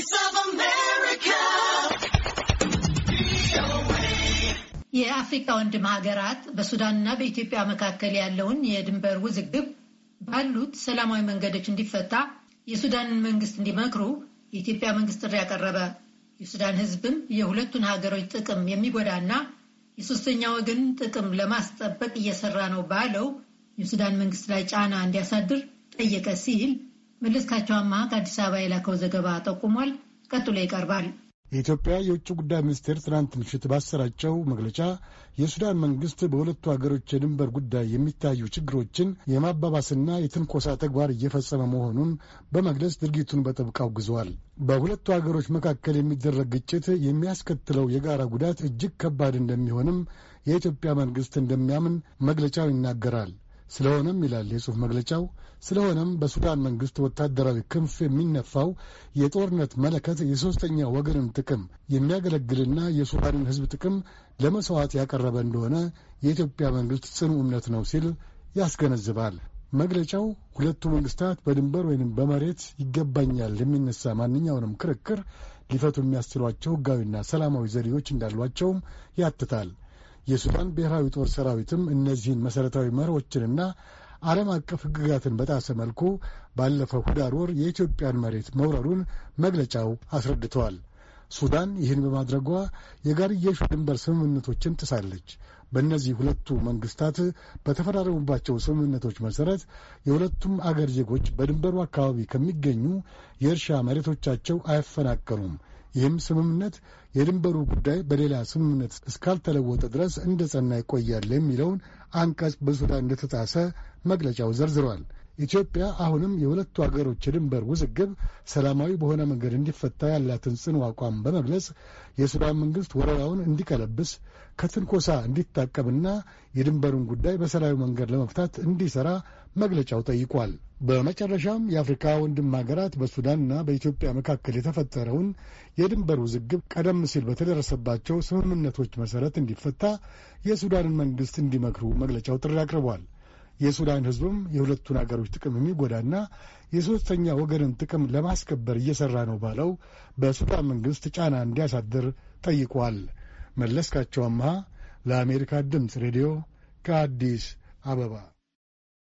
Voice of America. የአፍሪካ ወንድም ሀገራት በሱዳንና በኢትዮጵያ መካከል ያለውን የድንበር ውዝግብ ባሉት ሰላማዊ መንገዶች እንዲፈታ የሱዳንን መንግስት እንዲመክሩ የኢትዮጵያ መንግስት ጥሪ ያቀረበ የሱዳን ህዝብም የሁለቱን ሀገሮች ጥቅም የሚጎዳና የሶስተኛ ወገን ጥቅም ለማስጠበቅ እየሰራ ነው ባለው የሱዳን መንግስት ላይ ጫና እንዲያሳድር ጠየቀ ሲል መለስካቸው ከአዲስ አበባ የላከው ዘገባ ጠቁሟል። ቀጥሎ ይቀርባል። የኢትዮጵያ የውጭ ጉዳይ ሚኒስቴር ትናንት ምሽት ባሰራጨው መግለጫ የሱዳን መንግስት በሁለቱ ሀገሮች የድንበር ጉዳይ የሚታዩ ችግሮችን የማባባስና የትንኮሳ ተግባር እየፈጸመ መሆኑን በመግለጽ ድርጊቱን በጥብቅ አውግዘዋል። በሁለቱ ሀገሮች መካከል የሚደረግ ግጭት የሚያስከትለው የጋራ ጉዳት እጅግ ከባድ እንደሚሆንም የኢትዮጵያ መንግስት እንደሚያምን መግለጫው ይናገራል። ስለሆነም ይላል የጽሑፍ መግለጫው፣ ስለሆነም በሱዳን መንግስት ወታደራዊ ክንፍ የሚነፋው የጦርነት መለከት የሦስተኛ ወገንን ጥቅም የሚያገለግልና የሱዳንን ሕዝብ ጥቅም ለመሥዋዕት ያቀረበ እንደሆነ የኢትዮጵያ መንግስት ጽኑ እምነት ነው ሲል ያስገነዝባል። መግለጫው ሁለቱ መንግስታት በድንበር ወይም በመሬት ይገባኛል የሚነሳ ማንኛውንም ክርክር ሊፈቱ የሚያስችሏቸው ሕጋዊና ሰላማዊ ዘዴዎች እንዳሏቸውም ያትታል። የሱዳን ብሔራዊ ጦር ሰራዊትም እነዚህን መሠረታዊ መርሆችንና ዓለም አቀፍ ሕግጋትን በጣሰ መልኩ ባለፈው ኅዳር ወር የኢትዮጵያን መሬት መውረሩን መግለጫው አስረድተዋል። ሱዳን ይህን በማድረጓ የጋርየሹ ድንበር ስምምነቶችን ጥሳለች። በእነዚህ ሁለቱ መንግስታት በተፈራረሙባቸው ስምምነቶች መሠረት የሁለቱም አገር ዜጎች በድንበሩ አካባቢ ከሚገኙ የእርሻ መሬቶቻቸው አይፈናቀሉም። ይህም ስምምነት የድንበሩ ጉዳይ በሌላ ስምምነት እስካልተለወጠ ድረስ እንደ ጸና ይቆያል የሚለውን አንቀጽ በሱዳን እንደተጣሰ መግለጫው ዘርዝሯል። ኢትዮጵያ አሁንም የሁለቱ አገሮች የድንበር ውዝግብ ሰላማዊ በሆነ መንገድ እንዲፈታ ያላትን ጽኑ አቋም በመግለጽ የሱዳን መንግሥት ወረራውን እንዲቀለብስ ከትንኮሳ እንዲታቀምና የድንበሩን ጉዳይ በሰላማዊ መንገድ ለመፍታት እንዲሠራ መግለጫው ጠይቋል። በመጨረሻም የአፍሪካ ወንድም ሀገራት በሱዳንና በኢትዮጵያ መካከል የተፈጠረውን የድንበር ውዝግብ ቀደም ሲል በተደረሰባቸው ስምምነቶች መሠረት እንዲፈታ የሱዳንን መንግስት እንዲመክሩ መግለጫው ጥሪ አቅርቧል። የሱዳን ሕዝብም የሁለቱን አገሮች ጥቅም የሚጎዳና የሦስተኛ ወገንን ጥቅም ለማስከበር እየሠራ ነው ባለው በሱዳን መንግስት ጫና እንዲያሳድር ጠይቋል። መለስካቸው አምሃ ለአሜሪካ ድምፅ ሬዲዮ ከአዲስ አበባ